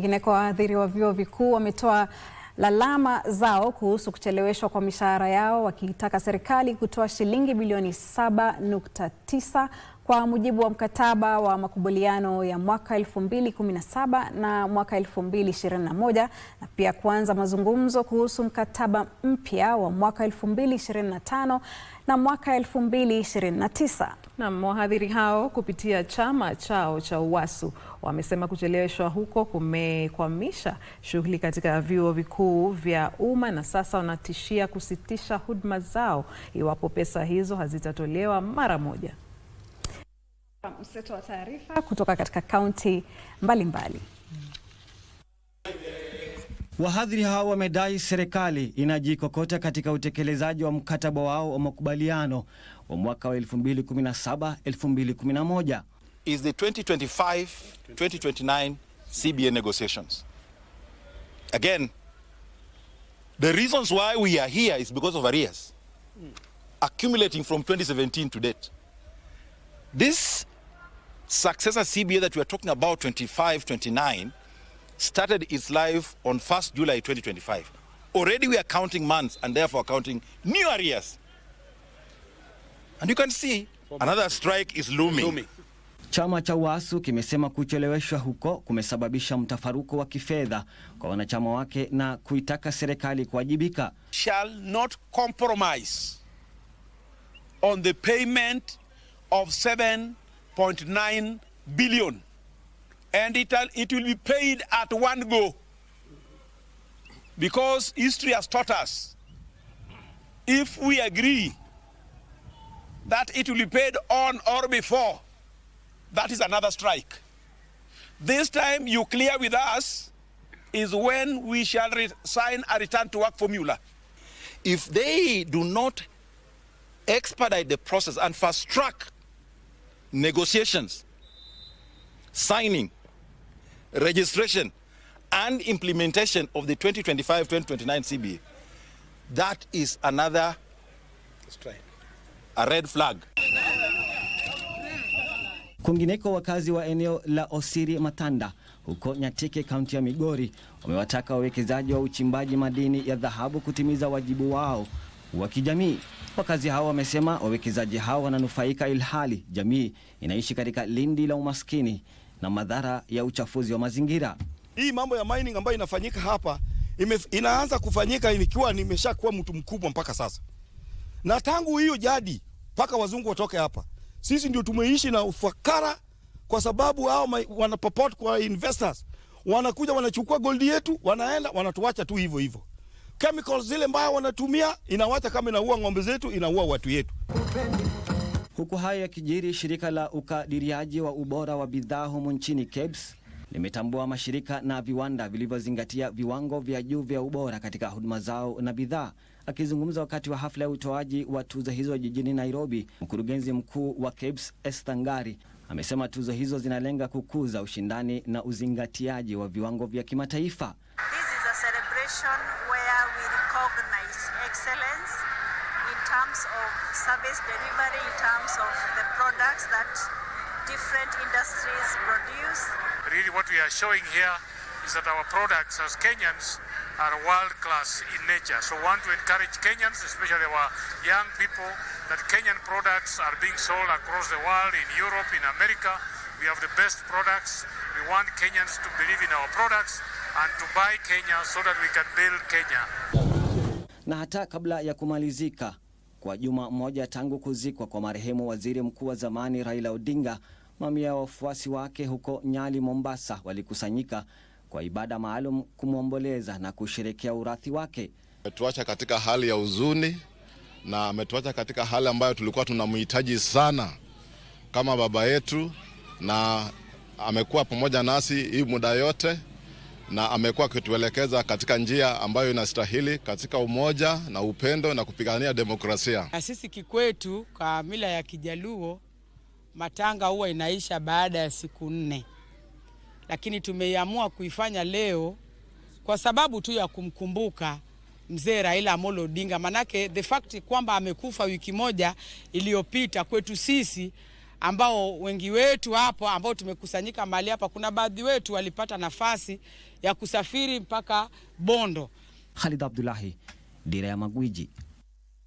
Kwingine kwa wahadhiri wa vyuo vikuu wametoa lalama zao kuhusu kucheleweshwa kwa mishahara yao wakitaka serikali kutoa shilingi bilioni 7.9 kwa mujibu wa mkataba wa makubaliano ya mwaka 2017 na mwaka 2021 na pia kuanza mazungumzo kuhusu mkataba mpya wa mwaka 2025 na mwaka 2029. Na wahadhiri hao kupitia chama chao cha UWASU wamesema kucheleweshwa huko kumekwamisha shughuli katika vyuo vikuu vikuu vya umma na sasa wanatishia kusitisha huduma zao iwapo pesa hizo hazitatolewa mara moja. Mseto wa taarifa kutoka katika kaunti mbalimbali. Wahadhiri hao wamedai serikali inajikokota katika utekelezaji wa mkataba wao wa makubaliano wa mwaka wa 2017 2011 is the 2025 2029 CBA negotiations again The reasons why we are here is because of arrears accumulating from 2017 to date. This successor CBA that we are talking about, 25, 29, started its life on 1st July 2025. Already we are counting months and therefore counting new arrears. And you can see another strike is looming. Chama cha UASU kimesema kucheleweshwa huko kumesababisha mtafaruko wa kifedha kwa wanachama wake na kuitaka serikali kuwajibika. Shall not compromise on the payment of 7.9 billion and it, it will be paid at one go because history has taught us if we agree that it will be paid on or before that is another strike. This time you clear with us is when we shall sign a return to work formula. If they do not expedite the process and fast track negotiations, signing, registration, and implementation of the 2025 2029 CBA, that is another strike, a red flag Kwingineko, wakazi wa eneo la Osiri Matanda huko Nyatike, kaunti ya Migori, wamewataka wawekezaji wa uchimbaji madini ya dhahabu kutimiza wajibu wao wa kijamii. Wakazi hao wamesema wawekezaji hao wananufaika ilhali jamii inaishi katika lindi la umaskini na madhara ya uchafuzi wa mazingira. Hii mambo ya mining ambayo inafanyika hapa ime, inaanza kufanyika nikiwa nimeshakuwa mtu mkubwa mpaka sasa, na tangu hiyo jadi mpaka wazungu watoke hapa sisi ndio tumeishi na ufakara kwa sababu hao wanapopot kwa investors wanakuja wanachukua goldi yetu, wanaenda wanatuacha tu hivyo hivyo. Chemicals zile mbaya wanatumia inawacha kama inaua ng'ombe zetu, inaua watu yetu. Huku hayo yakijiri, shirika la ukadiriaji wa ubora wa bidhaa humu nchini KEBS limetambua mashirika na viwanda vilivyozingatia viwango vya juu vya ubora katika huduma zao na bidhaa Akizungumza wakati wa hafla ya utoaji wa tuzo hizo jijini Nairobi, mkurugenzi mkuu wa KEBS Esther Ngari amesema tuzo hizo zinalenga kukuza ushindani na uzingatiaji wa viwango vya kimataifa. Really what we are showing here is that our products as Kenyans are world class in nature. So we want to encourage Kenyans, especially our young people, that Kenyan products are being sold across the world, in Europe, in America. We have the best products. We want Kenyans to believe in our products and to buy Kenya so that we can build Kenya. Na hata kabla ya kumalizika kwa juma moja tangu kuzikwa kwa marehemu waziri mkuu wa zamani Raila Odinga, mamia ya wafuasi wake huko Nyali, Mombasa walikusanyika kwa ibada maalum kumwomboleza na kusherekea urathi wake. Ametuacha katika hali ya huzuni na ametuacha katika hali ambayo tulikuwa tunamhitaji sana kama baba yetu, na amekuwa pamoja nasi hii muda yote, na amekuwa akituelekeza katika njia ambayo inastahili katika umoja na upendo na kupigania demokrasia. Na sisi kikwetu, kwa mila ya Kijaluo, matanga huwa inaisha baada ya siku nne lakini tumeiamua kuifanya leo kwa sababu tu ya kumkumbuka mzee Raila Amolo Odinga. Manake the fact kwamba amekufa wiki moja iliyopita kwetu sisi ambao wengi wetu hapo ambao tumekusanyika mahali hapa, kuna baadhi wetu walipata nafasi ya kusafiri mpaka Bondo. Khalid Abdullahi, Dira ya Magwiji.